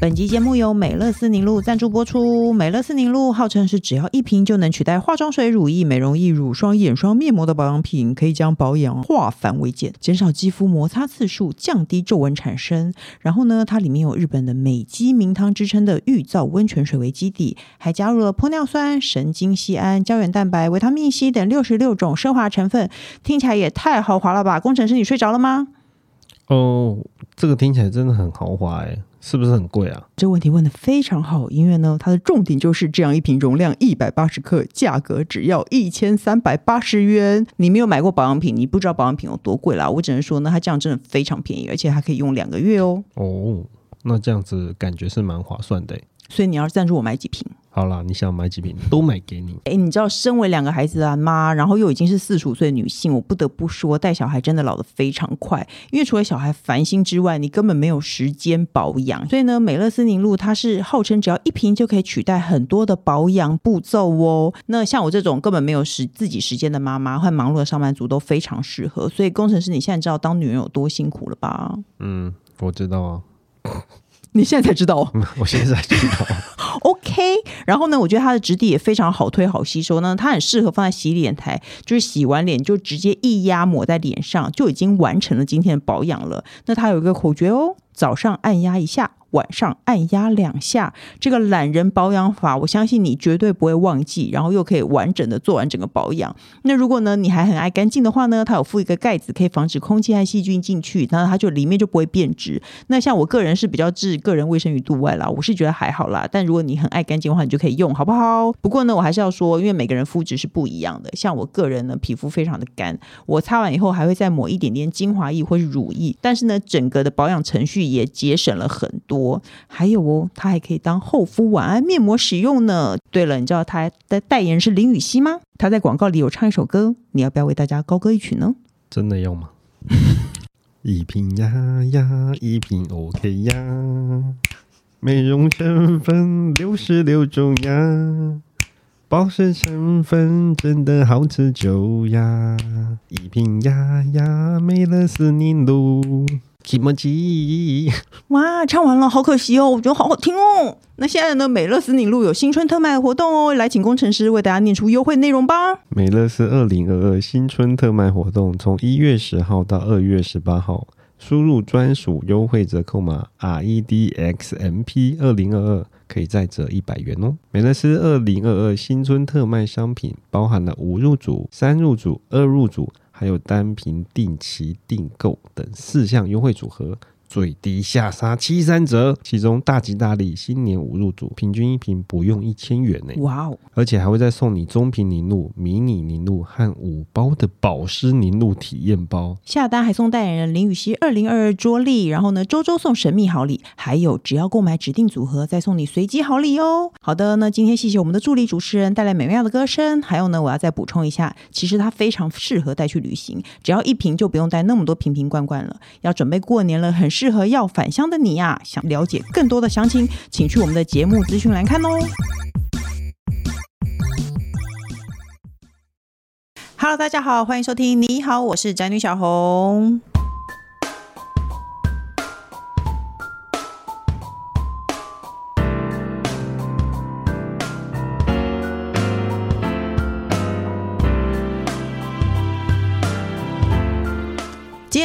本集節目由美樂思凝露贊助播出。美樂思凝露號稱是只要一瓶就能取代化妝水、乳液、美容液、乳霜、眼霜面、面膜的保養品，可以將保養化繁為簡，減少肌膚摩擦次數，降低皺紋產生。然後呢，它裡面有日本的美肌名湯之稱的玉造溫泉水為基底，還加入了玻尿酸、神經酰胺、膠原蛋白、維他命 C 等六十六種奢華成分，聽起來也太豪華了吧！工程師，你睡着了嗎？哦，這個聽起來真的很豪華哎、欸，是不是很貴啊？這個問題問的非常好，因為呢，它的重點就是這樣一瓶容量一百八十克，價格只要一千三百八十元。你沒有買過保養品，你不知道保養品有多貴啦，我只能說呢，它這樣真的非常便宜，而且還可以用兩個月哦。哦，那這樣子感覺是蠻划算的、欸。所以你要贊助我買幾瓶？好啦，你想買幾瓶都買給你。誒，你知道，身為兩個孩子的媽，然後又已經是四十五歲的女性，我不得不說，帶小孩真的老得非常快。因為除了小孩煩心之外，你根本沒有時間保養。所以呢，美樂思凝露它是號稱只要一瓶就可以取代很多的保養步驟哦。那像我這種根本沒有時自己時間的媽媽，或忙碌的上班族都非常適合。所以工程師，你現在知道當女人有多辛苦了吧？嗯，我知道啊。你現在才知道， 我現在才知道。 OK，然後呢？我覺得它的質地也非常好推，推好吸收呢，它很適合放在洗臉台，就是洗完臉就直接一壓抹在臉上，就已經完成了今天的保養了。那它有一個口訣哦。早上按壓一下，晚上按壓兩下，這個懶人保養法，我相信你絕對不會忘記，然後又可以完整的做完整個保養。那如果呢，你還很愛乾淨的話呢，它有附一個蓋子，可以防止空氣和細菌進去，那它就裡面就不會變質。那像我個人是比較置個人衛生於度外啦，我是覺得還好啦。但如果你很愛乾淨的話，你就可以用，好不好？不過呢，我還是要說，因為每個人膚質是不一樣的，像我個人呢，皮膚非常的乾，我擦完以後還會再抹一點點精華液或是乳液，但是呢，整個的保養程序，也節省了很多，還有哦，它還可以當厚敷晚安面膜使用呢。對了，你知道它的代言人是林雨熙嗎？他在廣告裡有唱一首歌，你要不要為大家高歌一曲呢？真的要嗎？ 一瓶呀呀，一瓶 OK 呀，美容成分六十六種呀，保濕成分真的好持久呀，一瓶呀呀，美樂思凝露。寂寞雞，哇，唱完了，好可惜哦，我覺得好好聽哦。那現在呢，美樂思凝露有新春特賣活動哦，來請工程師為大家念出優惠內容吧。美樂思二零二二新春特賣活動從一月十號到二月十八號，輸入專屬優惠折扣碼 R E D X M P 二零二二，可以再折一百元哦。美樂思二零二二新春特賣商品包含了五入組、三入組、二入組。還有單瓶、定期、訂購等四項優惠組合。最低下殺七三折，其中大吉大利新年五入組，平均一瓶不用一千元呢。哇哦！而且還會再送你中瓶凝露、迷你凝露和五包的保濕凝露體驗包。下單還送代言人林雨熙二零二二桌曆，然後呢，週週送神秘好禮，還有只要購買指定組合，再送你隨機好禮哦。好的，那今天謝謝我們的助理主持人帶來美妙的歌聲，還有呢，我要再補充一下，其實它非常適合帶去旅行，只要一瓶就不用帶那麼多瓶瓶罐罐了。要準備過年了，很適。適合要返鄉的你呀、啊，想了解更多的詳情，請去我們的節目資訊欄看哦。Hello，大家好，歡迎收聽，你好，我是宅女小紅。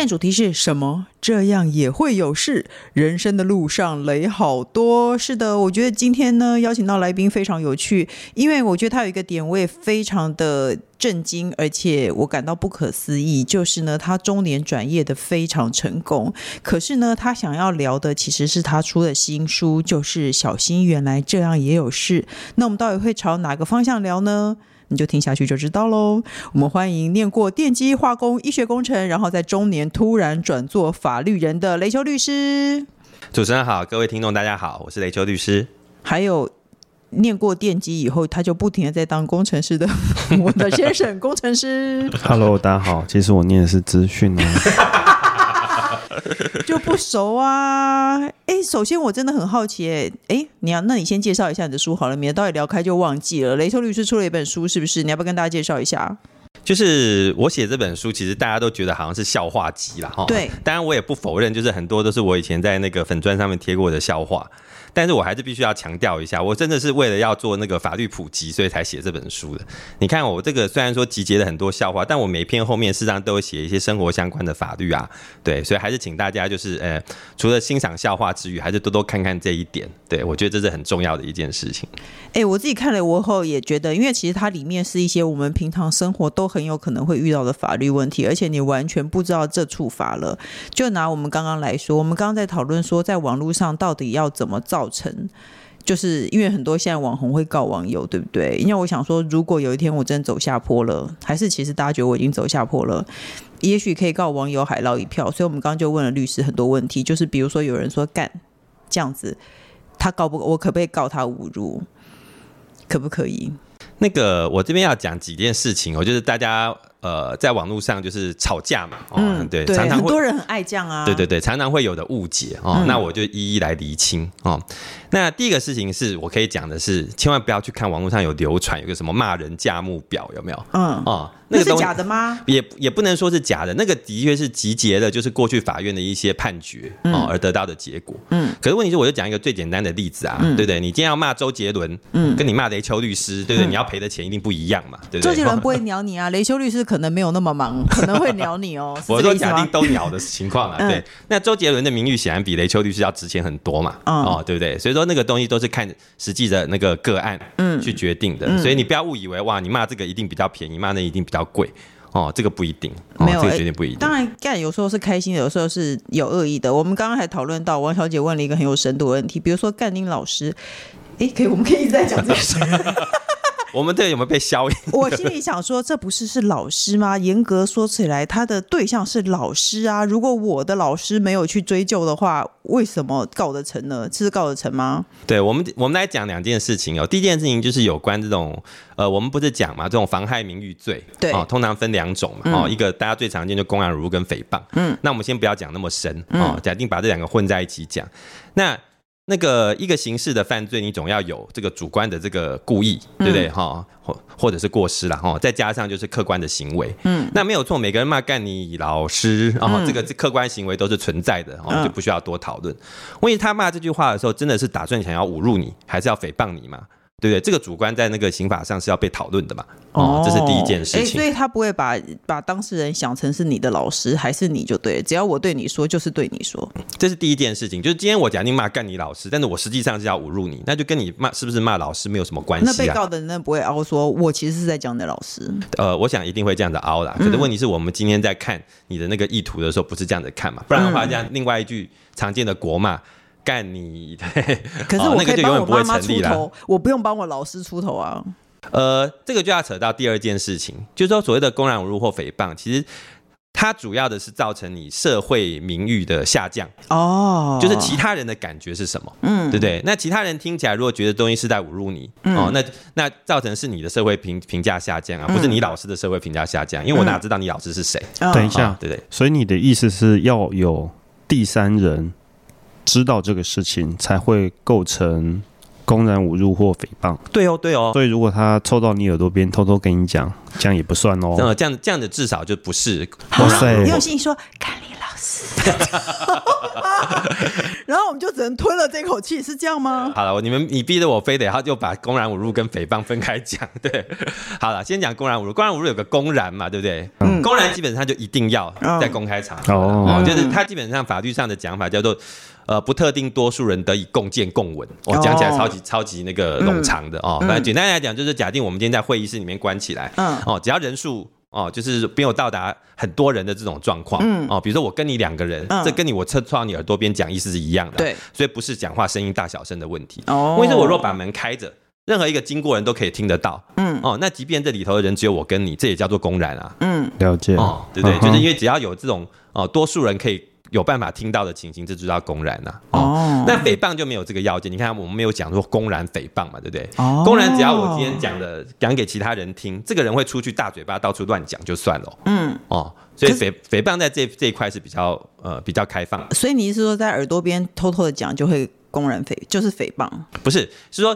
主題是什麼？這樣也會有事。人生的路上雷好多。是的，我覺得今天呢邀請到來賓非常有趣，因為我覺得他有一個點我也非常的震驚，而且我感到不可思議，就是呢他中年轉業的非常成功。可是呢他想要聊的其實是他出的新書，就是小心原來這樣也有事。那我們到底會朝哪個方向聊呢？你就聽下去就知道嘍。我們歡迎念過電機、化工、醫學工程，然後在中年突然轉做法律人的雷丘律師。主持人好，各位聽眾大家好，我是雷丘律師。還有念過電機以後，他就不停的在當工程師的我的先生，工程師。 Hello，大家好。其實我念的是資訊哦、啊。 就不熟啊！哎、欸，首先我真的很好奇、欸，哎，哎，你要、啊、那你先介紹一下你的書好了，免得到底聊開就忘記了。雷丘律師出了一本書，是不是？你要不要跟大家介紹一下？就是我寫這本書，其實大家都覺得好像是笑話集了哈。對，當然我也不否認，就是很多都是我以前在那個粉專上面貼過的笑話。但是我還是必須要強調一下，我真的是為了要做那個法律普及，所以才寫這本書的。你看我這個雖然說集結了很多笑話，但我每篇後面事實上都會寫一些生活相關的法律啊，對，所以還是請大家就是，呃，除了欣賞笑話之餘，還是多多看看這一點。對，我覺得這是很重要的一件事情。哎、欸，我自己看了過後也覺得，因為其實它裡面是一些我們平常生活都。很有可能會遇到的法律問題，而且你完全不知道這觸法了。就拿我們剛剛來說，我們剛剛在討論說，在網絡上到底要怎麼造成，就是因為很多現在網紅會告網友，對不對？因為我想說，如果有一天我真的走下坡了，還是其實大家覺得我已經走下坡了，也許可以告網友海撈一票。所以我們剛剛就問了律師很多問題，就是比如說有人說幹這樣子，他告不？我可不可以告他侮辱，可不可以？那個，我這邊要講幾件事情，我就是大家。呃，在網絡上就是吵架嘛，哦、嗯對，對，常常會很多人很愛這樣啊，對對對，常常會有的誤解哦、嗯，那我就一一來釐清哦。那第一個事情是我可以講的是，千萬不要去看網絡上有流傳有個什麼罵人價目表，有沒有？嗯，哦，那個是假的嗎？也也不能說是假的，那個的確是集結的就是過去法院的一些判決、嗯、哦而得到的結果。嗯，可是問題是，我就講一個最簡單的例子啊，嗯、對不對，對？你今天要罵周杰倫，嗯，跟你罵雷丘律師，嗯、對不對，對？你要賠的錢一定不一樣嘛，嗯、對不對，對？周杰倫不會鳥你啊，雷丘律師可。可能沒有那麼忙，可能會鳥你哦、喔。我說假定都鳥的情況啊， 嗯、對。那周杰倫的名譽顯然比雷丘律師要值錢很多嘛，嗯、哦，對不對？所以說那個東西都是看實際的那個個案嗯，去決定的，嗯、所以你不要誤以為哇，你罵這個一定比較便宜，罵那一定比較貴哦，這個不一定，哦、沒有、這個、決定不一定。當然幹有時候是開心，有時候是有惡意的。我們剛剛還討論到王小姐問了一個很有深度的問題，比如說幹拎老師，哎，可以，我們可以一直在講這個。 我們隊有沒有被消音？我心裡想說，這不是是老師嗎？嚴格說起來，他的對象是老師啊。如果我的老師沒有去追究的話，為什麼告得成呢？這是告得成嗎？對，我們我們來講兩件事情哦、喔。第一件事情就是有關這種呃，我們不是講嘛，這種妨害名譽罪，對啊、喔，通常分兩種嘛、喔，一個大家最常見就公然侮辱跟誹謗，嗯，那我們先不要講那麼深啊，嗯、喔、假定把這兩個混在一起講，那。那個一個形式的犯罪，你總要有這個主觀的這個故意，對不對？哈、嗯，或或者是過失了哈，再加上就是客觀的行為。嗯，那沒有錯，每個人罵幹你老師，然、嗯、後這個客觀行為都是存在的，哦，就不需要多討論。嗯、問他罵這句話的時候，真的是打算想要侮辱你，還是要誹謗你嘛。對對，這個主觀在那個刑法上是要被討論的嘛。嗯、哦，這是第一件事情。所以他不會把把當事人想成是你的老師，還是你就對，只要我對你說就是對你說，這是第一件事情。就是今天我假定罵幹你老師，但是我實際上是要侮辱你，那就跟你罵是不是罵老師沒有什麼關係啊。那被告的人不會凹說，我其實是在講你的老師。呃，我想一定會這樣子凹啦。可是問題是我們今天在看你的那個意圖的時候，不是這樣子看嘛？嗯、不然的話，這樣另外一句常見的國罵。嗯幹你，對！可是我可以，哦，那個，就永遠不會成立了。我，媽媽出頭，我不用幫我老師出頭啊。呃，這個就要扯到第二件事情，就是說所謂的公然侮辱或誹謗，其實它主要的是造成你社會名譽的下降哦，就是其他人的感覺是什麼？嗯，對不對，對？那其他人聽起來如果覺得東西是在侮辱你，嗯，哦，那那造成是你的社會評評價下降啊，嗯，不是你老師的社會評價下降，因為我哪知道你老師是誰，嗯哦？等一下，哦，對不對，對？所以你的意思是要有第三人。知道這個事情才會構成公然侮辱或誹謗。對哦，對哦。所以如果他湊到你耳朵邊偷偷跟你講，這樣也不算哦。那這樣這樣子至少就不是。哇塞！哦、你有氣音說：“甘力老師。 ” 然後我們就只能吞了這口氣，是這樣嗎？好了，你們你逼得我非得，他就把公然侮辱跟誹謗分開講。對，好了，先講公然侮辱。公然侮辱有個公然嘛，對不對？嗯、公然基本上就一定要在公開場合哦、嗯啊啊嗯。就是他基本上法律上的講法叫做。呃，不特定多數人得以共見共聞，我、哦、講起來超級、oh, 超級那個冗長的、嗯、哦。本來簡單來講，就是假定我們今天在會議室裡面關起來，嗯、哦，只要人數哦，就是沒有到達很多人的這種狀況、嗯，哦，比如說我跟你兩個人、嗯，這跟你我側靠你耳朵邊講意思是一樣的，對，所以不是講話聲音大小聲的問題。哦，因為問題是我若把門開着，任何一個經過人都可以聽得到，嗯，哦，那即便這裡頭的人只有我跟你，這也叫做公然啊，嗯，嗯了解，哦，對對對，Uh -huh. 就是因為只要有這種哦，多數人可以。有辦法聽到的情形，這就叫公然了，啊嗯、哦，那誹謗就沒有這個要件。你看，我們沒有講說公然誹謗嘛，對不對，哦？公然只要我今天講的講給其他人聽，這個人會出去大嘴巴到處亂講就算了。嗯，哦、嗯，所以誹誹謗在這這一塊是比較呃比較開放。所以你是說在耳朵邊偷偷的講就會公然誹，就是誹謗？不是，是說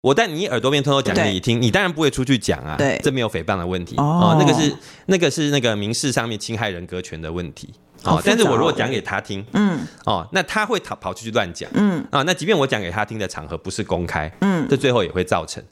我在你耳朵邊偷偷講給你聽，你當然不會出去講啊。對，這沒有誹謗的問題。哦，嗯、那個是那個是那個民事上面侵害人格權的問題。好、哦，但是我如果講給他聽，嗯，哦，那他會跑跑出去亂講，嗯，啊、哦，那即便我講給他聽的場合不是公開，嗯，這最後也會造成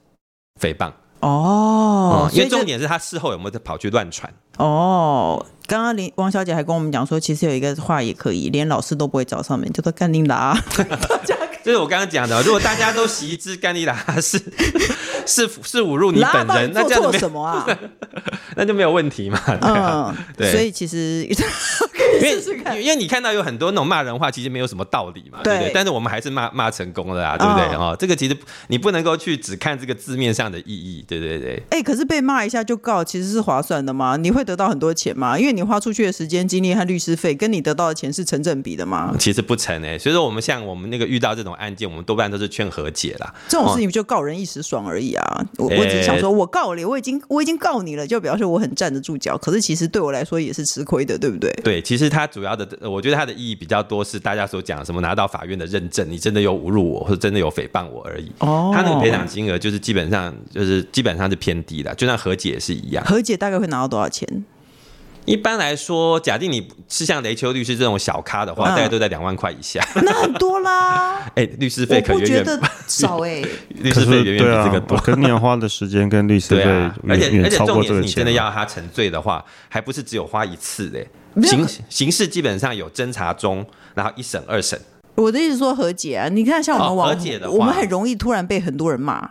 誹謗，哦、嗯，因為重點是他事後有沒有再跑去亂傳，哦，剛剛林王小姐還跟我們講說，其實有一個話也可以，連老師都不會找上面叫做幹定達、啊。 就是我剛剛講的，如果大家都習知幹利達是 是是，是侮辱你本人，那這樣子沒，什麼啊、 那就沒有問題嘛。嗯，對。所以其實 可以試試看因為因為你看到有很多那種罵人話，其實沒有什麼道理嘛，對，對不對？但是我們還是罵罵成功了啊，對不對哦、嗯，這個其實你不能夠去只看這個字面上的意義，對對對。哎、欸，可是被罵一下就告，其實是划算的嗎？你會得到很多錢嗎？因為你花出去的時間、精力和律師費，跟你得到的錢是成正比的嗎？其實不成哎、欸。所以說，我們像我們那個遇到這種。案件我們多半都是勸和解啦，這種事情不就告人一時爽而已啊。嗯、我我只是想說，我告你，欸、我已經我已經告你了，就表示我很站得住腳，可是其實對我來說也是吃虧的，對不對？對，其實它主要的，我覺得它的意義比較多是大家所講什麼拿到法院的認證，你真的有侮辱我，或者真的有誹謗我而已。哦，他那個賠償金額就是基本上就是基本上是偏低的，就像和解也是一樣。和解大概會拿到多少錢？一般來說，假定你是像雷丘律師這種小咖的話，嗯、大概都在兩萬塊以下。 那很多啦。哎、欸，律師費可遠得少哎、欸。律師費遠遠比這個多。可是啊、你要花的時間跟律師費對啊，而且而且重點是你真的要他成罪的話，嗯，還不是只有花一次嘞，欸。刑、刑事基本上有偵查中，然後一審、二審。我的意思說和解啊，你看像我們網姐的，王、哦、的我們很容易突然被很多人罵。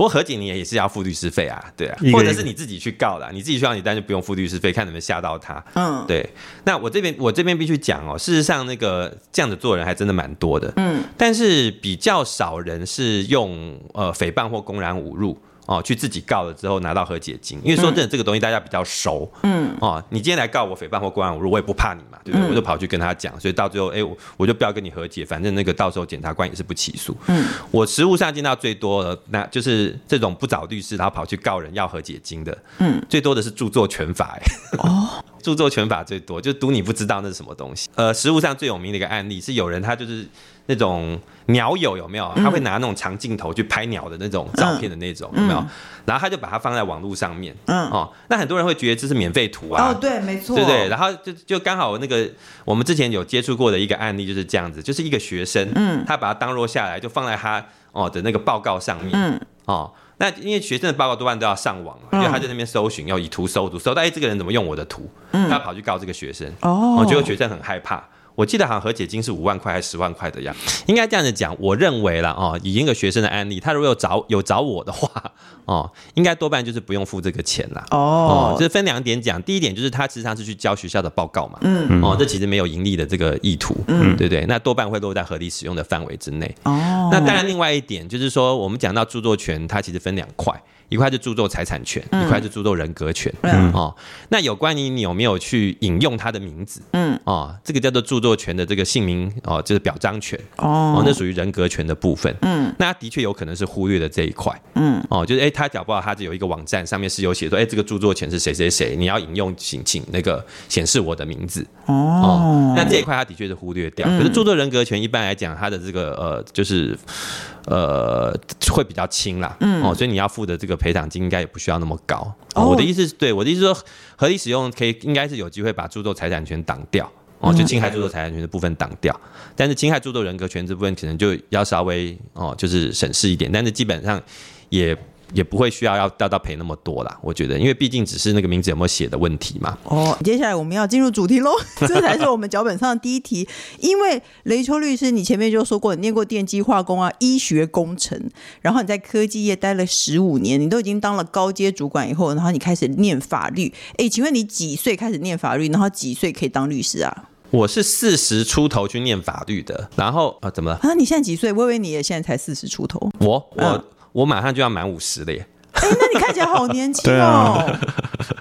不過何警，你也是要付律師費啊，對啊，一個一個或者是你自己去告的、啊、你自己去告，你當然就不用付律師費，看能不能嚇到他。嗯，對。那我這邊我這邊必須講哦，事實上那個這樣子做人還真的蠻多的，嗯，但是比較少人是用呃誹謗或公然侮辱。哦，去自己告了之後拿到和解金，因為說真的這個東西大家比較熟。嗯，哦，你今天來告我誹謗或公然侮辱，我不也不怕你嘛，對不對、嗯？我就跑去跟他講，所以到最後，哎、欸，我我就不要跟你和解，反正那個到時候檢察官也是不起訴，嗯，我實務上見到最多的，那就是這種不找律師，然後跑去告人要和解金的，嗯，最多的是著作權法、欸，哦， 著作權法最多，就是賭你不知道那是什麼東西，呃，實務上最有名的一個案例是有人他就是。那種鳥友有沒有？他會拿那種長鏡頭去拍鳥的那種照片的那種有沒有？然後他就把它放在網絡上面、嗯，哦，那很多人會覺得這是免費圖啊，哦、對，沒錯，對，對，然後就就剛好那個我們之前有接觸過的一個案例就是這樣子，就是一個學生，嗯，他把它當 o 下來就放在他哦的那個報告上面，嗯，哦，那因為學生的報告多半都要上網，因、嗯、為他在那邊搜尋要以圖搜圖，搜到哎這個人怎麼用我的圖，嗯、他跑去告這個學生，哦，結果學生很害怕。我記得好像和解金是五萬塊還是十萬塊的樣子，應該這樣子講，我認為啦哦，以一個學生的案例，他如果有找有找我的話，哦，應該多半就是不用付這個錢啦。哦，這、哦就是、分兩點講，第一點就是他實際上是去交學校的報告嘛，嗯嗯，哦，這其實沒有盈利的這個意圖，嗯，對不對，對？那多半會落在合理使用的範圍之內。哦，那當然，另外一點就是說，我們講到著作權，它其實分兩塊。一塊是著作財產權，嗯、一塊是著作人格權。嗯嗯、哦，那有關於你有沒有去引用他的名字？嗯哦，這個叫做著作權的這個姓名哦，就是表彰權。哦，哦那屬於人格權的部分。嗯，那他的確有可能是忽略的這一塊。嗯哦，就是哎，他、欸、找不到，他這有一個網站上面是有寫說，哎、欸，這個著作權是誰誰誰，你要引用，請請那個顯示我的名字。哦，哦那這一塊他的確是忽略掉、嗯。可是著作人格權一般來講，他的這個呃，就是呃，會比較輕啦。嗯哦，所以你要付的這個。賠償金應該也不需要那麼高啊！Oh. 我的意思是，對我的意思是說，合理使用可以應該是有機會把著作財產權擋掉哦、oh. 嗯，就侵害著作財產權的部分擋掉，oh. 但是侵害著作人格權這部分可能就要稍微哦、嗯，就是審慎一點，但是基本上也。也不會需要要要到,到賠那麼多啦，我覺得，因為畢竟只是那個名字有沒有寫的問題嘛。哦，接下來我們要進入主題嘍，這 才是我們腳本上的第一題。因為雷丘律師，你前面就說過，你念過電機化工啊、醫學工程，然後你在科技業待了十五年，你都已經當了高階主管以後，然後你開始念法律。哎，請問你幾歲開始念法律？然後幾歲可以當律師啊？我是四十出頭去念法律的，然後啊，怎麼了啊？你現在幾歲？微微你也現在才四十出頭，我我、啊。我馬上就要滿五十了耶、欸！哎，那你看起來好年輕哦。 對啊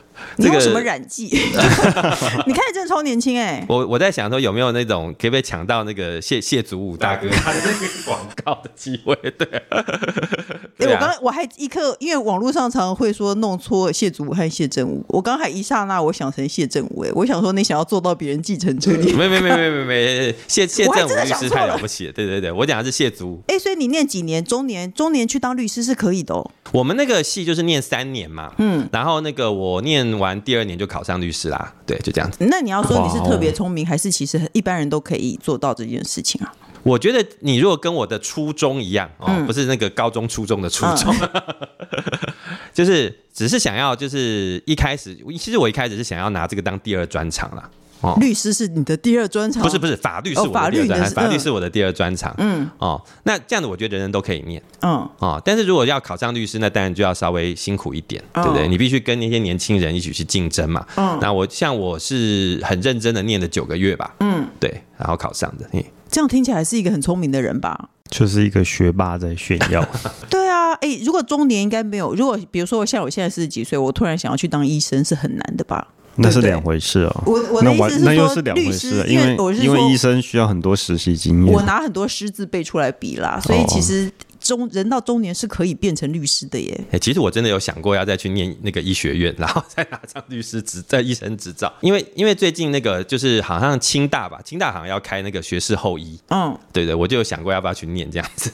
你有什麼染劑？ 你看你真的超年輕哎、欸！我我在想說有沒有那種，可不可以搶到那個謝謝祖武大哥那些廣告的機會？對。哎、欸啊，我剛我還一刻，因為網絡上常，常會說弄錯謝祖武和謝震武。我剛還一剎那，我想成謝震武、欸，我想說，你想要做到別人繼承者，里沒沒沒沒沒沒謝謝震武律師太不了不起！對，對對對，我講的是謝祖武。哎、欸，所以你念幾年？中年中年去當律師是可以的、哦。我們那個系就是念三年嘛。嗯，然後那個我念完。完第二年就考上律師啦，對，就這樣子。那你要說你是特別聰明，wow. 還是其實一般人都可以做到這件事情啊？我覺得你如果跟我的初衷一樣哦、嗯，不是那個高中、初中的初中，嗯、 就是只是想要，就是一開始，其實我一開始是想要拿這個當第二專長啦。哦、律師是你的第二專長？不是，不是，法律是，法律是我的第二專長，哦，法律是我的第二專長。嗯，哦，那這樣子我覺得人人都可以念。嗯，哦，但是如果要考上律師，那當然就要稍微辛苦一點，嗯、對不對？你必須跟那些年輕人一起去競爭嘛。嗯，那我像我是很認真的念了九個月吧。嗯，對，然後考上的。嘿、嗯，這樣聽起來是一個很聰明的人吧？就是一個學霸在炫耀。 對啊，哎、欸，如果中年應該沒有。如果比如說像我現在四十幾歲，我突然想要去當醫生是很難的吧？那是兩回事哦，對對。我我的那，那又是兩回事，因為我是因為醫生需要很多實習經驗，我拿很多師字背出來比啦，所以其實中、哦、人到中年是可以變成律師的耶。哎、欸，其實我真的有想過要再去念那個醫學院，然後再拿張律師執、再醫生執照，因為因為最近那個就是好像清大吧，清大好像要開那個學士後醫。嗯，對對，我就有想過要不要去念這樣子。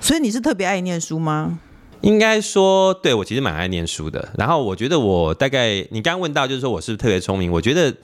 所以你是特別愛念書嗎？應該說，對，我其實蠻愛念書的。然後我覺得我大概，你剛問到就是說，我是不是特別聰明？我覺得。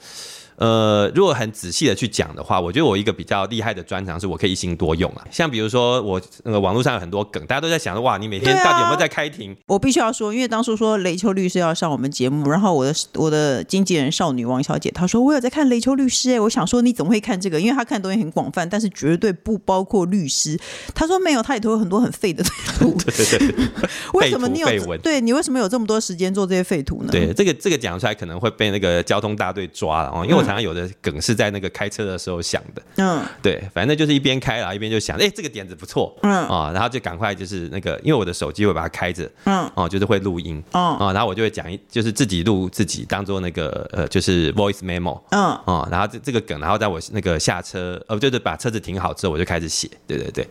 呃，如果很仔細的去講的話，我覺得我一個比較厲害的專長是我可以一心多用啊。像比如說我那個、呃、網絡上有很多梗，大家都在想說，哇，你每天到底有沒有在開庭、啊？我必須要說，因為當初說雷丘律師要上我們節目，然後我的我的經紀人少女王小姐，她說我有在看雷丘律師哎、欸，我想說你怎麼會看這個？因為她看的東西很廣泛，但是絕對不包括律師。他說沒有，他裡頭有很多很廢的廢圖對對，廢圖。為什麼你有？對你為什麼有這麼多時間做這些廢圖呢？對，這個這個講出來可能會被那個交通大隊抓了哦，因為我、嗯。然後有的梗是在那個開車的時候想的，嗯，對，反正就是一邊開了，一邊就想，哎、欸，這個點子不錯，嗯啊、嗯，然後就趕快就是那個，因為我的手機會把它開着，嗯，嗯，哦，就是會錄音，嗯啊、嗯，然後我就會講一，就是自己錄自己，當做那個呃，就是 voice memo，嗯啊、嗯，然後這這個梗，然後在我那個下車，呃，就是把車子停好之後，我就開始寫，對對對。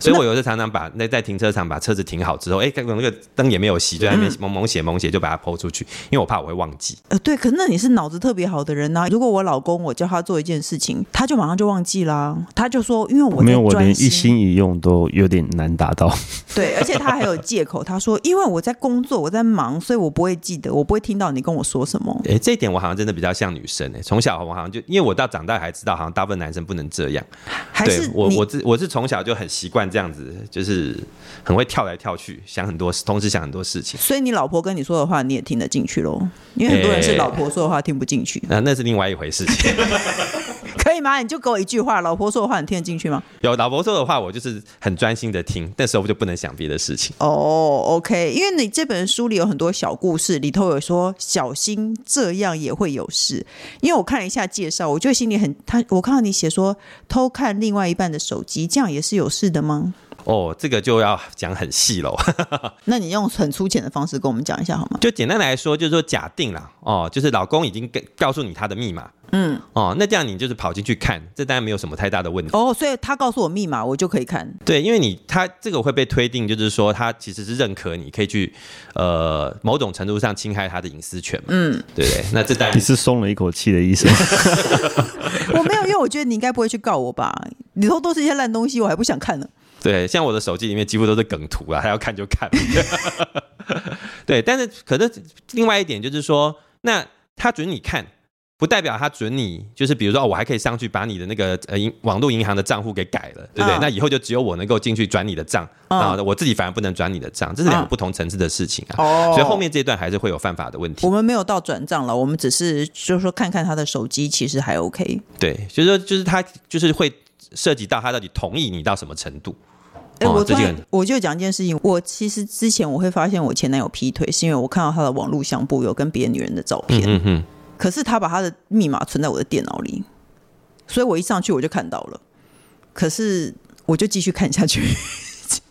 所以我有時候常常把那在停車場把車子停好之後，哎、欸，那個燈也沒有熄，就在那邊猛寫猛寫，就把它拋出去，因為我怕我會忘記。呃、嗯，對，可是那你是腦子特別好的人呢、啊。如果我老公，我叫他做一件事情，他就馬上就忘記啦。他就說，因為我沒有，我連一心一用都有點難達到。對，而且他還有借口，他說因為我在工作，我在忙，所以我不會記得，我不會聽到你跟我說什麼。哎、欸，這一點我好像真的比較像女生，哎、欸，從小我好像就因為我到長大還知道，好像大部分男生不能這樣。還是我我自我是從小就很習慣。這樣子就是很會跳來跳去，想很多，同時想很多事情。所以你老婆跟你說的話，你也聽得進去嘍？因為很多人是老婆說的話聽不進去。那、欸、那是另外一回事情。 媽，你就給我一句話，老婆說的話你聽得進去嗎？有老婆說的話，我就是很專心的聽，但是我就不能想別的事情。哦，OK，因為你這本書裡有很多小故事，裡頭有說小心這樣也會有事。因為我看了一下介紹，我就心裡很……他我看到你寫說偷看另外一半的手機，這樣也是有事的嗎？哦、oh,，這個就要講很細嘍。 那你用很粗淺的方式跟我們講一下好嗎？就簡單來說，就是說假定啦。哦，就是老公已經告訴你他的密碼，嗯，哦，那這樣你就是跑進去看，這當然沒有什麼太大的問題。哦、oh,，所以他告訴我密碼，我就可以看。對，因為你他這個會被推定，就是說他其實是認可你可以去呃某種程度上侵害他的隱私權嘛。嗯，對，那這當然你是鬆了一口氣的意思。 我沒有，因為我覺得你應該不會去告我吧？裡頭都是一些爛東西，我還不想看呢。對，像我的手機裡面幾乎都是梗圖啊，他要看就看。 對，但是可是另外一點就是說，那他准你看，不代表他准你，就是比如說、哦、我還可以上去把你的那個呃網路銀行的賬戶給改了，對不對、嗯？那以後就只有我能夠進去轉你的賬、嗯、啊，我自己反而不能轉你的賬，這是兩個不同層次的事情啊、嗯、哦。所以後面這段還是會有犯法的問題。我們沒有到轉賬了，我們只是就是說看看他的手機其實還 OK。對，所以說就是他就是會。涉及到他到底同意你到什麼程度？欸，我我就講一件事情，我其實之前我會發現我前男友劈腿，是因為我看到他的網絡相簿有跟別的女人的照片。嗯嗯哼。可是他把他的密碼存在我的電腦裡，所以我一上去我就看到了，可是我就繼續看下去。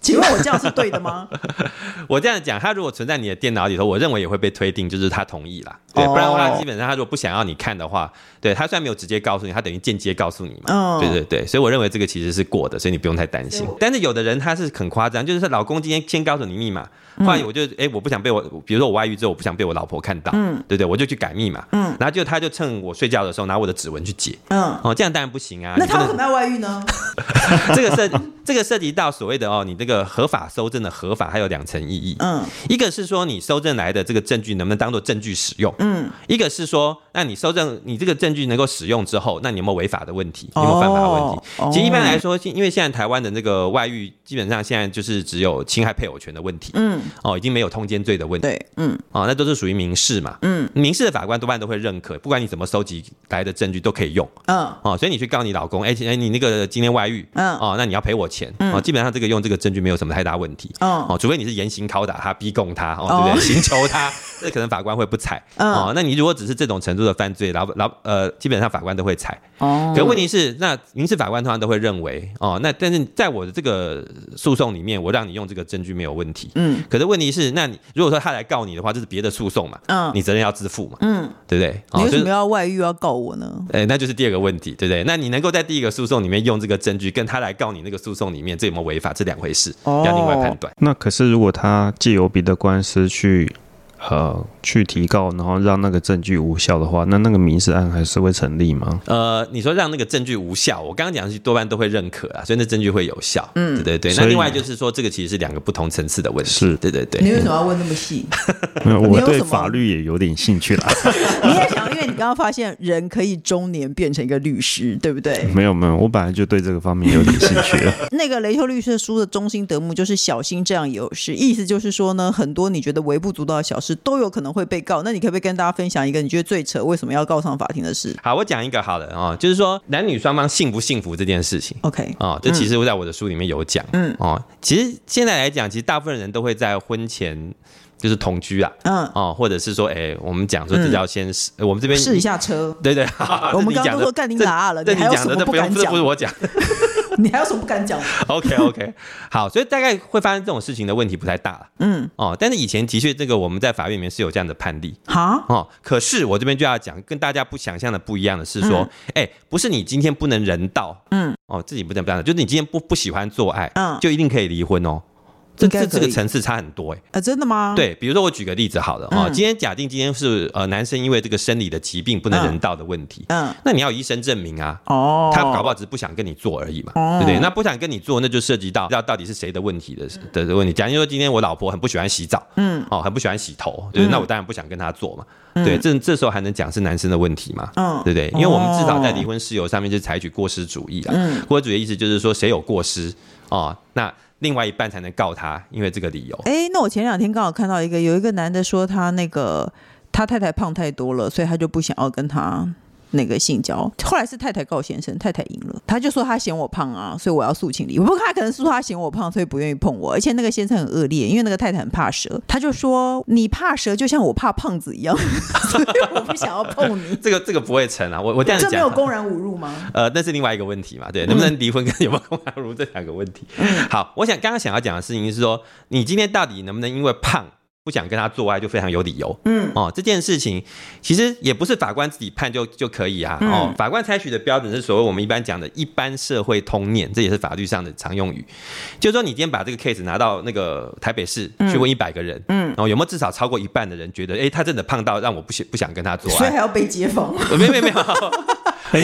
請問我這樣是對的嗎？ 我這樣講，他如果存在你的電腦裡頭，我認為也會被推定就是他同意啦。對，oh. 不然的話，基本上他如果不想要你看的話，對他雖然沒有直接告訴你，他等於間接告訴你嘛。Oh. 對對對，所以我認為這個其實是過的，所以你不用太擔心。但是有的人他是很誇張，就是老公今天先告訴你密碼，後來我就哎、嗯欸、我不想被我，比如說我外遇之後我不想被我老婆看到，嗯，對對對，我就去改密碼，嗯，然後就他就趁我睡覺的時候拿我的指紋去解，嗯，哦這樣當然不行啊。那他為什麼要外遇呢？ 這個涉這個涉及到所謂的哦，你這個。個合法搜證的合法還有兩層意義，嗯，一個是說你搜證來的這個證據能不能當做證據使用，嗯，一個是說那你搜證你這個證據能夠使用之後，那你有沒有違法的問題，有沒有犯法的問題？其實一般來說，因為現在台灣的那個外遇。基本上現在就是只有侵害配偶權的問題，嗯，哦，已經沒有通姦罪的問題，對，嗯，哦，那都是屬於民事嘛，嗯，民事的法官多半都會認可，不管你怎麼收集來的證據都可以用，嗯、哦，哦，所以你去告你老公，哎，哎，你那個今天外遇，嗯、哦，哦，那你要賠我錢，嗯，哦，基本上這個用這個證據沒有什麼太大問題，嗯，哦，除非你是嚴刑拷打他，逼供他，哦，對不對？刑求他。 這可能法官會不採、嗯、哦，那你如果只是這種程度的犯罪，老老呃，基本上法官都會踩哦、嗯，可問題是，那民事法官通常都會認為哦，那但是在我的這個訴訟裡面，我讓你用這個證據沒有問題。嗯，可是問題是，那你如果說他來告你的話，這、就是別的訴訟嘛。嗯，你責任要自負嘛。嗯，對不對？哦、你為什麼要外遇要告我呢？哎，那就是第二個問題，對不對？那你能夠在第一個訴訟裡面用這個證據，跟他來告你那個訴訟裡面，這有沒有違法？這兩回事、哦、要另外判斷。那可是如果他借由別的官司去。呃，去提告，然後讓那個證據無效的話，那那個民事案還是會成立嗎？呃，你說讓那個證據無效，我剛剛講的是多半都會認可啊，所以那證據會有效。嗯，對對對。那另外就是說，這個其實是兩個不同層次的問題。是，對對對。你為什麼要問那麼細？ 我對法律也有點興趣啦。 因為你剛剛發現人可以中年變成一個律師，對不對？沒有沒有，我本來就對這個方面有點興趣。 那個雷丘律師的書的中心德目就是小心這樣有事，意思就是說呢，很多你覺得微不足道的小事都有可能會被告。那你可不可以跟大家分享一個你覺得最扯為什麼要告上法庭的事？好，我講一個好了啊、哦。就是說男女雙方幸不幸福這件事情。OK，哦，這其實我在我的書裡面有講。嗯，哦，其實現在來講，其實大部分人都會在婚前。就是同居啊，嗯，哦，或者是說，哎、欸，我們講說，這要先試、嗯呃，我們這邊試一下車，啊、對，對對，啊、我們剛剛都說幹恁娘了，對，你講的，這不用這不是我講的，你還有什麼不敢講 ？OK OK，好，所以大概會發生這種事情的問題不太大，嗯，哦，但是以前的確這個我們在法院裡面是有這樣的判例，好，哦，可是我這邊就要講，跟大家不想象的不一樣的是說，哎、嗯欸，不是你今天不能人道，嗯，哦，自己不能這樣，就是你今天不不喜歡做愛，嗯、就一定可以離婚哦。這這個層次差很多哎、欸啊、真的嗎？對，比如說我舉個例子好了啊、嗯，今天假定今天是呃，男生因為這個生理的疾病不能人道的問題，嗯，嗯那你要醫生證明啊，哦，他搞不好只是不想跟你做而已嘛，哦、對不對？那不想跟你做，那就涉及到要到底是誰的問題的、嗯、的問題。假定說今天我老婆很不喜歡洗澡，嗯，哦，很不喜歡洗頭，對、就是嗯，那我當然不想跟他做嘛，嗯、對，這這時候還能講是男生的問題嘛？嗯，對不對？因為我們至少在離婚事由上面就是採取過失主義啊。嗯，過失主義、嗯、過失的意思就是說誰有過失啊、哦？那。另外一半才能告他，因為這個理由。哎、欸，那我前兩天剛好看到一個，有一個男的說他那個他太太胖太多了，所以他就不想要跟他，那個性交。後來是太太告先生，太太贏了。他就說，他嫌我胖啊，所以我要訴請離婚。不過他可能是說他嫌我胖，所以不願意碰我。而且那個先生很惡劣，因為那個太太很怕蛇，他就說，你怕蛇就像我怕胖子一樣， 所以我不想要碰你。這個這個不會成啊，我我這樣講這沒有公然侮辱嗎？呃，那是另外一個問題嘛，對，能不能離婚跟有沒有公然侮辱這兩個問題。嗯、好，我想剛剛想要講的事情是說，你今天到底能不能因為胖不想跟他做愛，就非常有理由。嗯哦，這件事情其實也不是法官自己判就就可以啊。嗯、哦，法官採取的標準是所謂我們一般講的一般社會通念，這也是法律上的常用語。就是說，你今天把這個 case 拿到那個台北市去問一百個人，嗯，然、嗯、後、哦、有沒有至少超過一半的人覺得，哎、欸，他真的胖到讓我不想不想跟他做愛，所以還要被揭封？ 沒有沒有沒有，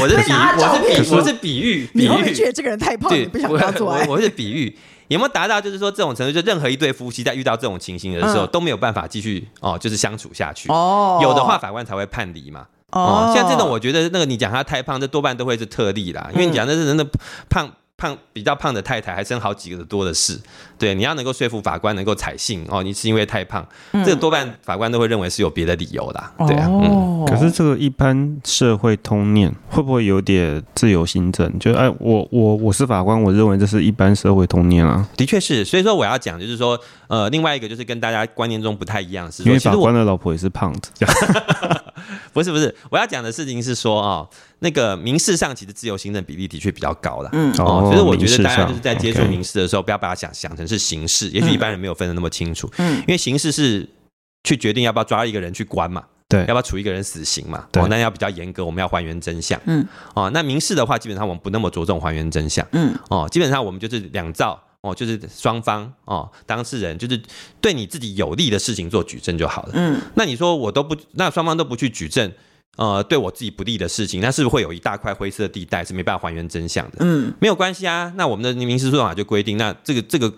我是比，我是比喻，比喻你覺得這個人太胖，不想跟他做愛，我，我，我是比喻。有沒有達到就是說這種程度，就任何一對夫妻在遇到這種情形的時候都沒有辦法繼續哦，就是相處下去。哦，有的話法官才會判離嘛。哦，像這種我覺得那個你講他太胖，這多半都會是特例啦。因為講那是人的胖。胖比較胖的太太還生好幾個多的是，對，你要能夠說服法官能夠採信哦，你是因為太胖，嗯，這個多半法官都會認為是有別的理由的，哦，對啊，嗯。可是這個一般社會通念會不會有點自由心證？就哎，我我我是法官，我認為這是一般社會通念啊。的確是，所以說我要講就是說，呃，另外一個就是跟大家觀念中不太一樣是，因為法官的老婆也是胖子。 不是不是，我要講的事情是說啊、哦，那個民事上其實自由行政比例的確比較高的，嗯，哦、嗯，所以我覺得大家就是在接觸民事的時候，不要把它想、嗯、想成是刑事，也許一般人沒有分得那麼清楚，嗯，嗯，因為刑事是去決定要不要抓一個人去關嘛，對，要不要處一個人死刑嘛，對，哦、那要比較嚴格，我們要還原真相，嗯，哦，那民事的話，基本上我們不那麼着重還原真相，嗯，哦，基本上我們就是兩造。哦，就是雙方哦，當事人就是對你自己有利的事情做舉證就好了。嗯，那你說我都不，那雙方都不去舉證，呃，對我自己不利的事情，那是不是會有一大塊灰色地帶是沒辦法還原真相的？嗯，沒有關係啊。那我們的民事訴訟法就規定，那這個這個、這個、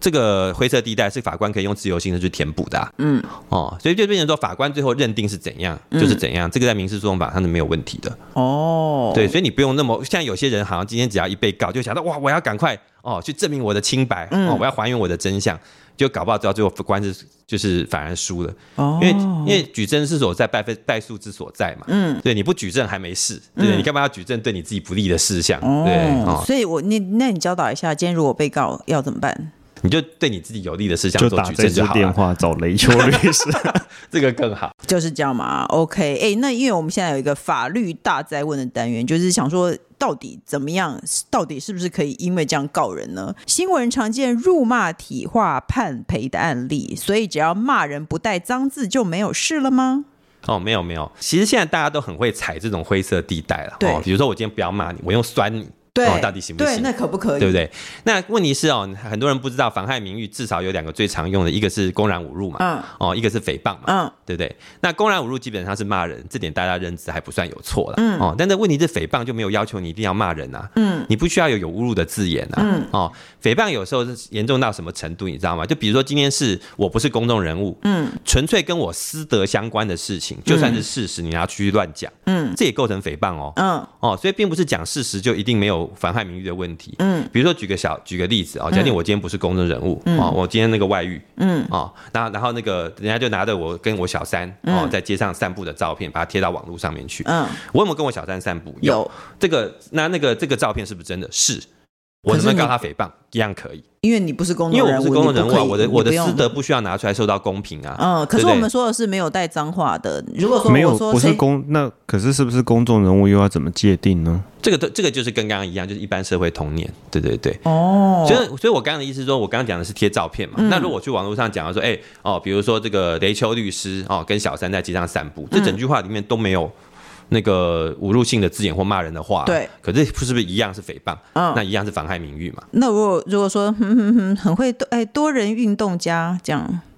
這個灰色地帶是法官可以用自由心證去填補的、啊。嗯，哦，所以就變成說法官最後認定是怎樣、嗯、就是怎樣，這個在民事訴訟法上是沒有問題的。哦，對，所以你不用那麼，像有些人好像今天只要一被告就想到哇，我要趕快。哦，去證明我的清白，嗯，哦，我要還原我的真相，就搞不好，到最後官司就是反而輸了，哦，因為，因為舉證是所在敗分敗訴之所在嘛，嗯，對，你不舉證還沒事，嗯，對，你幹嘛要舉證對你自己不利的事項，哦，對，哦，所以我那那你教導一下，今天如果被告要怎麼辦？你就對你自己有利的事情做舉證就好了。就打電話找雷丘律師 這個更好。就是這樣嘛，OK、欸。哎，那因為我們現在有一個法律大哉問的單元，就是想說，到底怎麼樣？到底是不是可以因為這樣告人呢？新聞常見辱罵體化判賠的案例，所以只要罵人不帶髒字就沒有事了嗎？哦，沒有沒有，其實現在大家都很會踩這種灰色地帶了。對、哦，比如說我今天不要罵你，我用酸你。對，到底行不行？對，那可不可以？對不對？那問題是哦，很多人不知道妨害名譽至少有兩個最常用的，一個是公然侮辱嘛，哦，哦一個是誹謗嘛、哦，對不對？那公然侮辱基本上是罵人，這點大家認知還不算有錯了、嗯，哦。但是問題是誹謗就沒有要求你一定要罵人啊，嗯，你不需要有有侮辱的字眼啊，嗯、哦，誹謗有時候是嚴重到什麼程度？你知道嗎？就比如說今天是我不是公眾人物，嗯，純粹跟我私德相關的事情，就算是事實，你拿出去亂講，嗯，這也構成誹謗哦，嗯、哦，哦，所以並不是講事實就一定沒有。妨害名譽的問題，嗯，比如說舉個小舉個例子啊，假定我今天不是公眾人物啊，嗯喔，我今天那個外遇，嗯啊，那，喔，然後那個人家就拿着我跟我小三啊，嗯喔，在街上散步的照片，把它貼到網絡上面去，嗯，我有沒有跟我小三散步？嗯，有這個，那那個這個照片是不是真的是？是。我能不能告他誹謗？一樣可以，因為你不是公眾人，人物，因為我不是公眾人物，我的我的私德不需要拿出來受到公平啊。嗯，可是我們說的是沒有帶髒話的。如果說，說沒有不是公，那可是是不是公眾人物又要怎麼界定呢？這個，這個就是跟剛剛一樣，就是一般社會童年。對對對。哦。所以，所以我剛剛的意思說，我剛剛講的是貼照片嘛，嗯。那如果去網絡上講說，誒、欸、哦，比如說這個雷丘律師哦，跟小三在街上散步，嗯，這整句話裡面都沒有那個侮辱性的字眼或罵人的話、啊，對，可是不是不是一樣是誹謗、哦？那一樣是妨害名譽嘛？那如果如果說很很很會哎、欸，多人運動家這樣，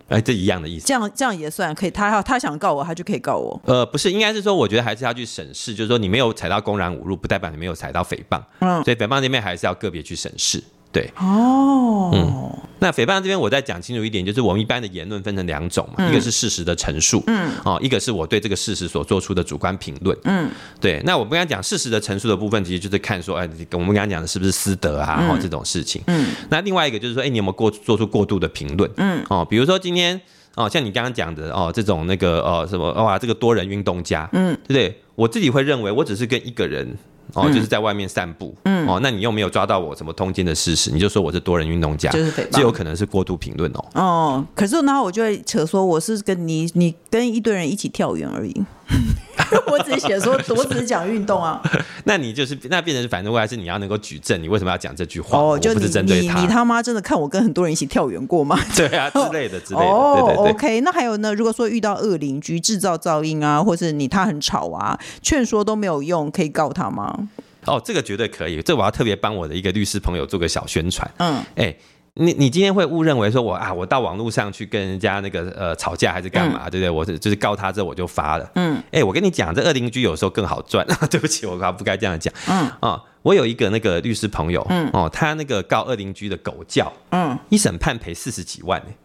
哎、欸，這一樣的意思。這樣這樣也算可以，他要他他想告我，他就可以告我。呃，不是，應該是說，我覺得還是要去審視，就是說，你沒有踩到公然侮辱，不代表你沒有踩到誹謗。嗯，所以誹謗這邊還是要個別去審視。對哦，oh. 嗯，那誹謗這邊，我再講清楚一點，就是我們一般的言論分成兩種嘛、嗯，一個是事實的陳述，嗯，哦，一個是我對這個事實所做出的主觀評論，嗯，對。那我剛剛講事實的陳述的部分，其實就是看說，哎，我們剛剛講的是不是私德啊，然、嗯、後、哦、這種事情，嗯。那另外一個就是說，哎，你有沒有過做出過度的評論，嗯，哦，比如說今天，哦，像你剛剛講的，哦，這種那個，哦什麼，哦、啊、這個多人運動家，嗯，對不對？我自己會認為，我只是跟一個人。哦，就是在外面散步。嗯，哦，那你又沒有抓到我什麼通姦的事實，你就說我是多人運動家，這、就是誹謗、有可能是過度評論哦。哦，可是然後我就會扯說我是跟你，你跟一堆人一起跳遠而已。 我只是說，我只是講運動啊。 那你就是那變成反正未來是你要能夠舉證，你為什麼要講這句話？哦，就你是，我不是針對他。你你他媽真的看我跟很多人一起跳遠過嗎？ 對啊，之類的之類的。哦,對對對對哦，OK。那還有呢？如果說遇到惡鄰居制造噪音啊，或是你他很吵啊，勸說都沒有用，可以告他嗎？哦，這個絕對可以。這個、我要特別幫我的一個律師朋友做個小宣傳。嗯，哎、欸。你你今天會誤認為說我啊，我到網絡上去跟人家那個呃吵架還是幹嘛，嗯、對不對,對？我就是告他之後我就發了。嗯，哎、欸，我跟你講，這惡鄰居有時候更好賺。 對不起，我剛不該這樣講。嗯啊、哦，我有一個那個律師朋友，嗯、哦，他那個告惡鄰居的狗叫，嗯，一審判賠四十幾萬呢、欸。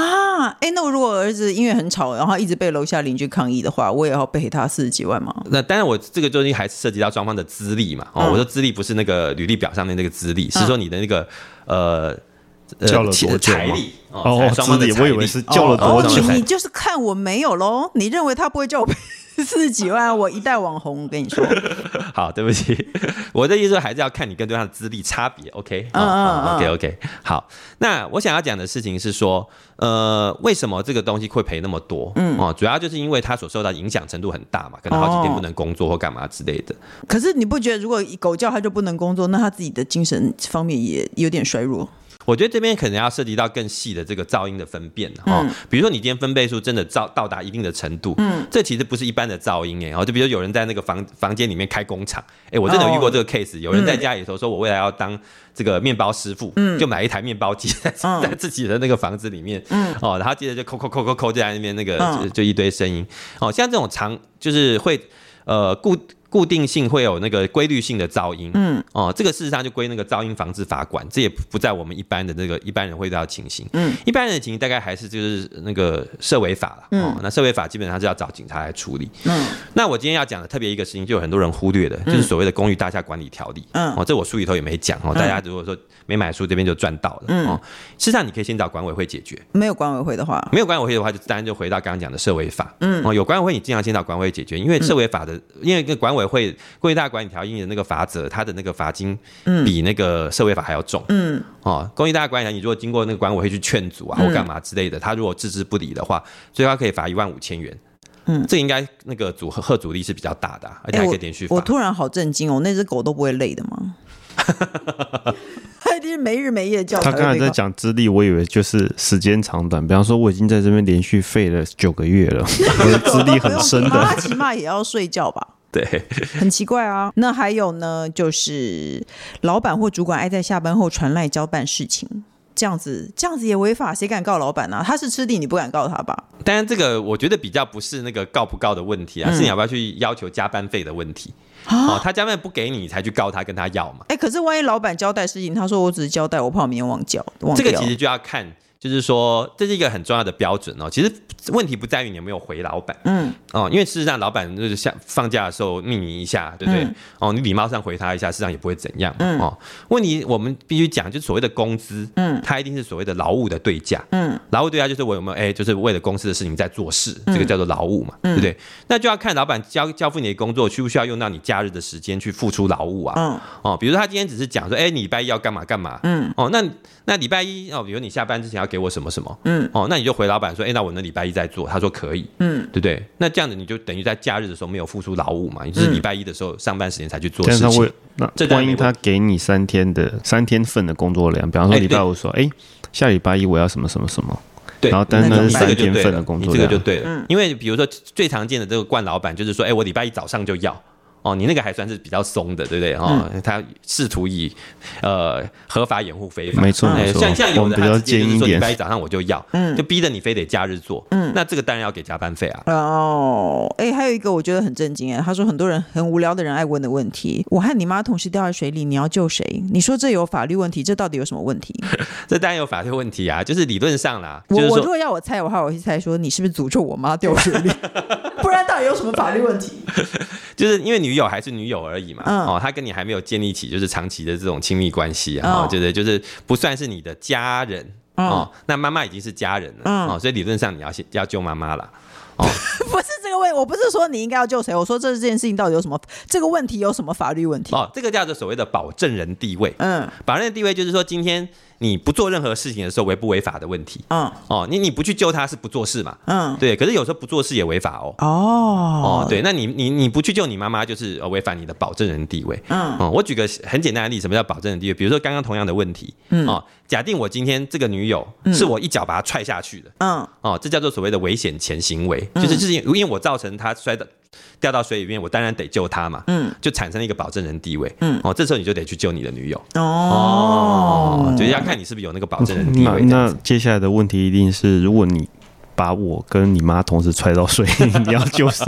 啊，哎、欸，那我如果兒子因為很吵，然後一直被樓下鄰居抗議的話，我也要賠他四十幾萬嗎？那當然，我這個中間還是涉及到雙方的資歷嘛？哦，嗯、我說資歷不是那個履歷表上面那個資歷、嗯，是說你的那個、嗯、呃。呃、叫了多久嘛？哦的我以為是叫了多久。哦、你就是看我沒有嘍？你認為他不會叫我賠四十幾萬？ 我一代網紅，我跟你說，好，對不起，我的意思是還是要看你跟對他的資歷差別。OK，啊,啊,啊,啊，OK，OK，、okay, okay. 好。那我想要講的事情是說，呃，為什麼這個東西會賠那麼多？嗯，主要就是因為他所受到影響程度很大嘛，可能好幾天不能工作或幹嘛之類的、哦。可是你不覺得，如果一狗叫他就不能工作，那他自己的精神方面也有點衰弱？我覺得這邊可能要涉及到更細的這個噪音的分辨，哦嗯、比如說你今天分貝數真的噪到達一定的程度，嗯，這其實不是一般的噪音哎，欸、哦，就比如說有人在那個房房間裡面開工廠，欸、我真的有遇過這個 case，哦、有人在家裡頭說我未來要當這個麵包師傅，嗯，就買一台面包機在，嗯、在自己的那個房子裡面，嗯，哦，然後接着就摳摳摳摳摳就在那邊那個就，嗯、就一堆聲音，哦，像這種長就是會呃固。固定性會有那個規律性的噪音，嗯，哦，這個事實上就歸那個噪音防治法管，這也不在我們一般的那個一般人會到情形，嗯，一般人的情形大概還是就是那個設違法了，嗯，哦，那設違法基本上是要找警察來處理，嗯，那我今天要講的特別一個事情，就有很多人忽略的，就是所謂的公寓大廈管理條例，嗯，哦，這我書裡頭也沒講哦，大家如果說沒買書，這邊就賺到了，嗯，哦，事實上你可以先找管委會解決，沒有管委會的話，沒有管委會的話，就當然就回到剛剛講的設違法，嗯，哦，有管委會，你盡量先找管委會解決，因為設違法的，嗯、因為跟管委。委會公寓大廈管理條例的那個罰則，他的那個罰金，比那個社會法還要重，嗯，嗯哦，公寓大廈管理條例，你如果經過那個管委會去勸阻啊，嗯、或幹嘛之類的，他如果置之不理的話，最高可以罰一萬五千元，嗯，這應該那個嚇阻力是比較大的，而且還可以連續、欸我。我突然好震驚哦，那隻狗都不會累的嗎？ 他一定是沒日沒夜叫。他剛才在講資歷，我以為就是時間長短，比方說我已經在這邊連續吠了九個月了，我的資歷很深的。他起碼也要睡覺吧？對，很奇怪啊。那還有呢，就是老闆或主管愛在下班後傳賴交辦事情，這樣子，這樣子也違法，誰敢告老闆呢？啊？他是吃定你不敢告他吧？當然，這個我覺得比較不是那個告不告的問題啊，嗯、是你要不要去要求加班費的問題，啊、他加班費不給你，你才去告他，跟他要嘛。哎、欸，可是萬一老闆交代事情，他說我只是交代，我怕我明天忘交，忘交。這個其實就要看。就是說，這是一個很重要的標準哦。其實問題不在於你有沒有回老闆，嗯，哦，因為事實上老闆就是像放假的時候匿名一下，對不對？嗯、哦，你禮貌上回他一下，事實上也不會怎樣，嗯，哦。問題我們必須講，就是所謂的工資，嗯，他一定是所謂的勞務的對價，嗯，勞務對價就是我有沒有哎、欸，就是為了公司的事情在做事，這個叫做勞務嘛、嗯，對不對、嗯？那就要看老闆交交付你的工作需不需要用到你假日的時間去付出勞務啊，嗯，哦，比如他今天只是講說，哎、欸，你禮拜一要幹嘛幹嘛，嗯，哦，那那禮拜一哦，比如你下班之前要。給我什麼什麼，嗯，哦，那你就回老闆說，哎、欸，那我那禮拜一再做，他說可以，嗯，對不對，對？那這樣子你就等於在假日的時候沒有付出勞務嘛，你、嗯、就是禮拜一的時候上班時間才去做事情。這樣他會那關於、這個、他給你三天的三天份的工作量，比方說禮拜五說，哎、欸欸，下禮拜一我要什麼什麼什麼，然後單單三天份的工作量，這個就對了，就對了、嗯。因為比如說最常見的這個慣老闆就是說，哎、欸，我禮拜一早上就要。哦，你那個還算是比較鬆的，對不對？哦嗯、他試圖以呃合法掩護非法，沒錯沒錯。像像有的他直接就是說禮拜一早上我就要，嗯，就逼着你非得假日做，嗯，那這個當然要給加班費啊。哦、哎、欸，還有一個我覺得很震驚哎，他說很多人很無聊的人愛問的問題，我和你媽同時掉在水裡，你要救誰？你說這有法律問題？這到底有什麼問題？ 這當然有法律問題啊，就是理論上啦、啊就是。我如果要我猜的話，我去猜說你是不是詛咒我媽掉水裡？ 不然到底有什麼法律問題？ 就是因為女友還是女友而已嘛。哦、嗯喔，他跟你還沒有建立起就是長期的這種親密關係啊，就、嗯、是、喔、就是不算是你的家人哦、嗯喔。那媽媽已經是家人了哦、嗯喔，所以理論上你要先要救媽媽了哦。喔、 不是這個問題，我不是說你應該要救誰，我說這這件事情到底有什麼這個問題有什麼法律問題哦、喔？這個叫做所謂的保證人地位，嗯，保證人地位就是說今天。你不做任何事情的時候違不違法的問題？嗯，哦，你你不去救他是不做事嘛？嗯，對。可是有時候不做事也違法哦。哦，哦，對。那你你你不去救你媽媽就是違反你的保證人地位。嗯，哦，我舉個很簡單的例子，什麼叫保證人地位？比如說剛剛同樣的問題，嗯，哦，假定我今天這個女友是我一腳把她踹下去的，嗯，嗯，哦，這叫做所謂的危險前行為，就是，嗯，就是因為我造成她摔的。掉到水裡面，我當然得救他嘛，嗯，就產生了一個保證人地位，嗯，哦、喔，這時候你就得去救你的女友，哦，哦、喔，就要看你是不是有那個保證人地位、嗯。那接下來的問題一定是，如果你。把我跟你媽同時踹到水，你要救誰？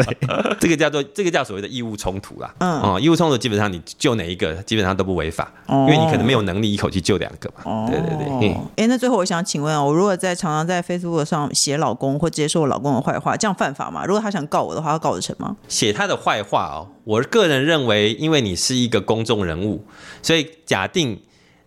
這個叫做這個叫所謂的義務衝突啦。嗯哦，義務衝突基本上你救哪一個，基本上都不違法，哦，因為你可能沒有能力一口氣救兩個嘛。哦，對對對。嗯。哎，那最後我想請問啊，哦，我如果在常常在 Facebook 上寫老公或直接說我老公的壞話，這樣犯法嗎？如果他想告我的話，告得成嗎？寫他的壞話哦，我個人認為，因為你是一個公眾人物，所以假定。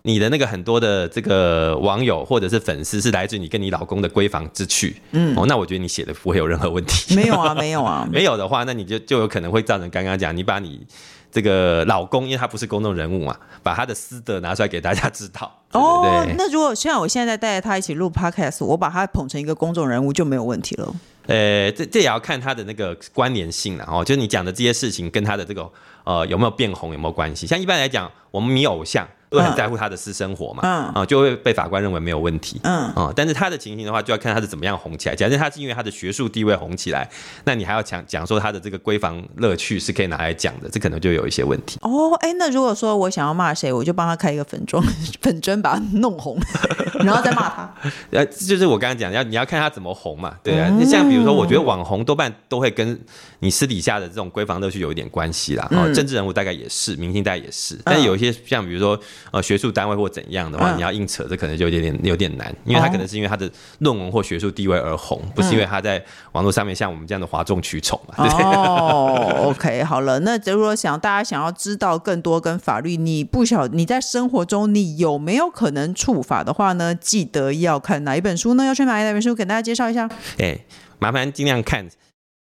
你的那個很多的這個網友或者是粉絲是來自你跟你老公的閨房之趣，嗯，哦，那我覺得你寫的不會有任何問題。沒有啊，沒有啊， 沒有的話，那你就就有可能會造成剛剛講，你把你這個老公，因為他不是公眾人物嘛，把他的私德拿出來給大家知道。哦，對對對，那如果像我現在帶着他一起錄 podcast，我把他捧成一個公眾人物就沒有問題了。呃、欸，這這也要看他的那個關聯性了哦，就是你講的這些事情跟他的這個呃有沒有變紅有沒有關係？像一般來講，我們迷偶像。都很在乎他的私生活嘛，啊、嗯嗯，就會被法官認為沒有問題，啊、嗯，但是他的情形的話，就要看他是怎麼樣紅起來。假設他是因為他的學術地位紅起來，那你還要講講說他的這個閨房樂趣是可以拿來講的，這可能就有一些問題。哦，哎、欸，那如果說我想要罵誰，我就幫他開一個粉專粉針， 把他弄紅， 然後再罵他。呃，就是我剛剛講，要你要看他怎麼紅嘛，對啊。嗯、像比如說，我覺得網紅多半都會跟你私底下的這種閨房樂趣有一點關係啦、嗯。政治人物大概也是，明星大概也是，嗯、但是有一些像比如說。呃，學術單位或怎樣的話，你要硬扯，這可能就有點點、嗯、有點難，因為他可能是因為他的論文或學術地位而紅、嗯，不是因為他在網絡上面像我們這樣的嘩眾取寵。哦，OK，好了，那如果想大家想要知道更多跟法律，你不曉你在生活中你有沒有可能觸法的話呢？記得要看哪一本書呢？要去買哪一本書給大家介紹一下？哎，麻煩儘量看。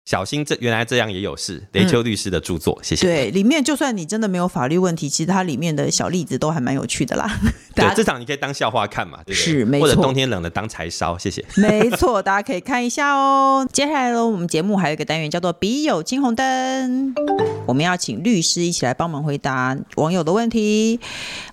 小心這，這原來這樣也有事。雷、嗯、丘律師的著作，謝謝。對，裡面就算你真的沒有法律問題，其實它裡面的小例子都還蠻有趣的啦。對，這場你可以當笑話看嘛。對不對？是，沒錯。或者冬天冷了當柴燒，謝謝。沒錯， 大家可以看一下哦。接下來嘍，我們節目還有一個單元叫做“筆友青紅燈、嗯”，我們要請律師一起來幫忙回答網友的問題。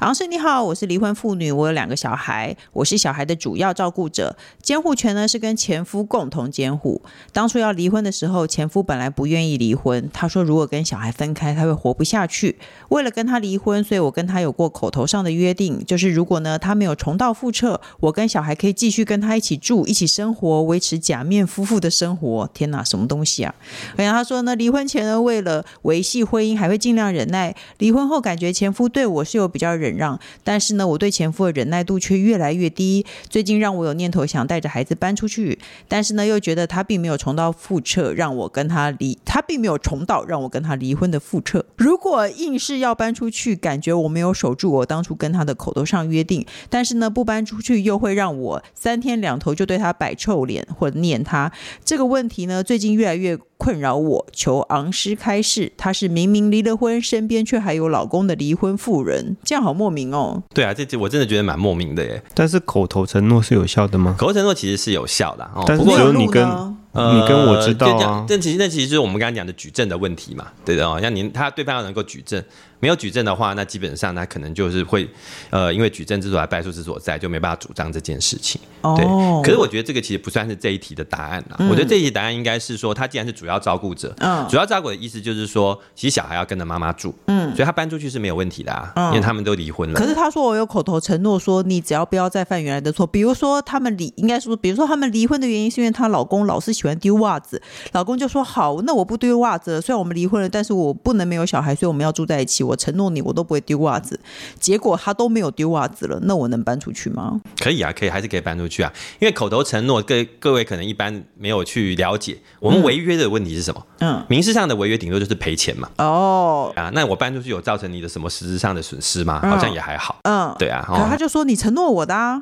昂、啊、是，你好，我是離婚婦女，我有兩個小孩，我是小孩的主要照顧者，監護權呢是跟前夫共同監護。當初要離婚的時候。前夫本來不願意離婚，他說如果跟小孩分開，他會活不下去。為了跟他離婚，所以我跟他有過口頭上的約定，就是如果呢他沒有重蹈覆轍，我跟小孩可以繼續跟他一起住，一起生活，維持假面夫婦的生活。天哪，什麼東西啊？然後他說呢，離婚前呢為了維繫婚姻還會盡量忍耐，離婚後感覺前夫對我是有比較忍讓，但是呢我對前夫的忍耐度卻越來越低。最近讓我有念頭想帶着孩子搬出去，但是呢又覺得他並沒有重蹈覆轍，讓。讓我跟他離，他並沒有重蹈讓我跟他離婚的覆轍。如果硬是要搬出去，感覺我沒有守住我當初跟他的口頭上約定；但是呢，不搬出去又會讓我三天兩頭就對他擺臭臉或者念他。這個問題呢，最近越來越困擾我。求昂師開示，他是明明離了婚，身邊卻還有老公的離婚婦人，這樣好莫名哦。對啊，這這我真的覺得蠻莫名的耶。但是口頭承諾是有效的嗎？口頭承諾其實是有效的，哦，但是只有你跟呃、嗯嗯，跟我知道啊。但其實那其實是我們剛剛講的舉證的問題嘛，對的哦，像您，他對方要能夠舉證，沒有舉證的話，那基本上那可能就是會，呃，因為舉證之所在敗訴之所在，就沒辦法主張這件事情。哦。對。可是我覺得這個其實不算是這一題的答案啦。嗯、我覺得這一題答案應該是說，他既然是主要照顧者，嗯，主要照顧的意思就是說，其實小孩要跟着媽媽住，嗯，所以他搬出去是沒有問題的啊，嗯、因為他們都離婚了。可是他說我有口頭承諾說，你只要不要再犯原來的錯，比如說他們離，應該說，比如說他們離婚的原因是因為她老公老是喜歡。丟襪子，老公就說好，那我不丟襪子了。雖然我們離婚了，但是我不能沒有小孩，所以我們要住在一起。我承諾你，我都不會丟襪子。結果他都沒有丟襪子了，那我能搬出去嗎？可以啊，可以，還是可以搬出去啊。因為口頭承諾，各位各位可能一般沒有去了解，我們違約的問題是什麼？嗯，民事上的違約頂多就是賠錢嘛。哦，啊，那我搬出去有造成你的什麼實質上的損失嗎？嗯、好像也還好。嗯，對啊。然後他就說、嗯、你承諾我的。啊。’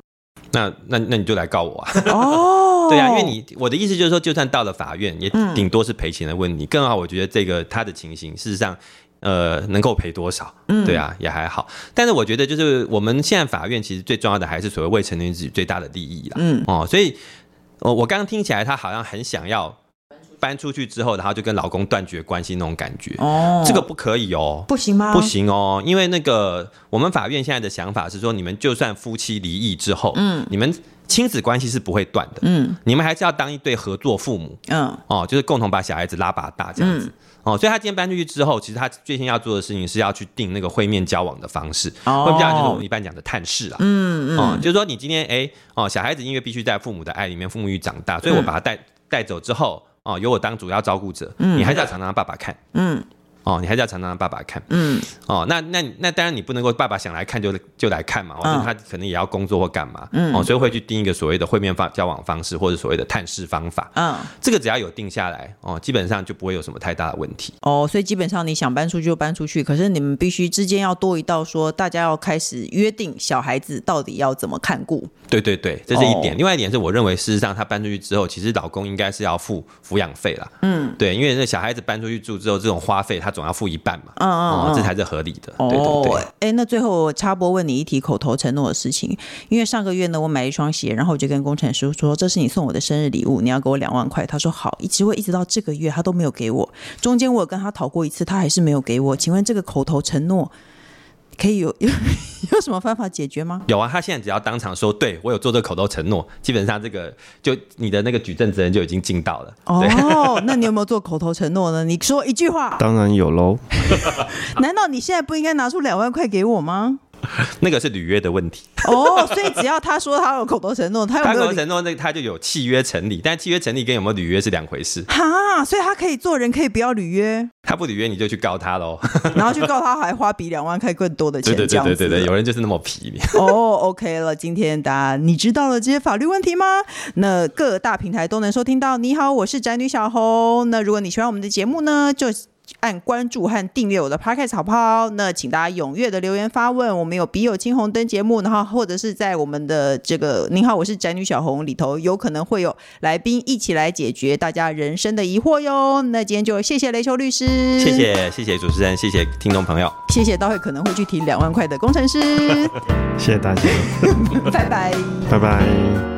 那那那你就來告我啊！哦、 oh,，對啊，因為你我的意思就是說，就算到了法院，也頂多是賠錢的問題。Um, 更好，我覺得這個他的情形，事實上，呃，能夠賠多少，um, 對啊，也還好。但是我覺得，就是我們現在法院其實最重要的還是所謂未成年人自己最大的利益啦。嗯、um,，哦，所以，我我剛剛聽起來，他好像很想要。搬出去之後，然後就跟老公斷絕關係那種感覺，哦、oh,，這個不可以哦，不行嗎？不行哦，因為那個我們法院現在的想法是說，你們就算夫妻離異之後，嗯，你們親子關係是不會斷的，嗯，你們還是要當一對合作父母，嗯，哦，就是共同把小孩子拉拔大這樣子，嗯、哦，所以他今天搬出去之後，其實他最先要做的事情是要去定那個會面交往的方式，oh, 會面交往就是我們一般講的探視啊，嗯嗯，哦，就是說你今天哎，哦，小孩子因為必須在父母的愛裡面，父母育長大，所以我把他帶、嗯、帶走之後。哦，由我當主要照顧者，嗯，你還是要常常讓爸爸看，嗯。哦，你還是要常常讓爸爸看，嗯，哦，那那那當然你不能夠爸爸想來看就就來看嘛，或者他可能也要工作或幹嘛，嗯，哦，所以會去定一個所謂的會面方交往方式或者所謂的探視方法，嗯，這個只要有定下來，哦，基本上就不會有什麼太大的問題，哦，所以基本上你想搬出去就搬出去，可是你們必須之間要多一道說大家要開始約定小孩子到底要怎麼看顧，對對對，這是一點，哦，另外一點是我認為事實上他搬出去之後，其實老公應該是要付撫養費了，嗯，對，因為那小孩子搬出去住之後，這種花費他。總要付一半嘛，嗯嗯，這才是合理的。哦、對，對，對，哎、欸，那最後我插播問你一題口頭承諾的事情，因為上個月呢，我買一雙鞋，然後我就跟工程師說，這是你送我的生日禮物，你要給我兩萬塊，他說好，一直會一直到這個月他都沒有給我，中間我有跟他討過一次，他還是沒有給我，請問這個口頭承諾？可以有有有什麼方法解決嗎？有啊，他現在，只要當場說對，我有做這個口頭承諾，基本上這個就你的那個舉證責任就已經盡到了。哦， 那你有沒有做口頭承諾呢？你說一句話。當然有嘍。 難道你現在不應該拿出兩萬塊給我嗎？那個是履約的問題 哦，所以只要他說他有口頭承諾，他有他口頭承諾，那他就有契約成立。但契約成立跟有沒有履約是兩回事哈，所以他可以做人，可以不要履約。他不履約，你就去告他嘍， 然後去告他還花比兩萬塊更多的錢。對對對對，對，對，對，對，對，有人就是那麼皮。哦 oh,，OK 了，今天大家你知道了這些法律問題嗎？那各大平台都能收聽到。你好，我是宅女小紅。那如果你喜歡我們的節目呢，就。按關注和訂閱我的 podcast 好不好？那請大家踴躍的留言發問，我們有筆友青紅燈節目，然後或者是在我們的這個“您好，我是宅女小紅”裡頭，有可能會有來賓一起來解決大家人生的疑惑喲。那今天就謝謝雷丘律師，謝謝謝謝主持人，謝謝聽眾朋友，謝謝待會可能會去提兩萬塊的工程師， 謝謝大家，拜拜拜拜。Bye bye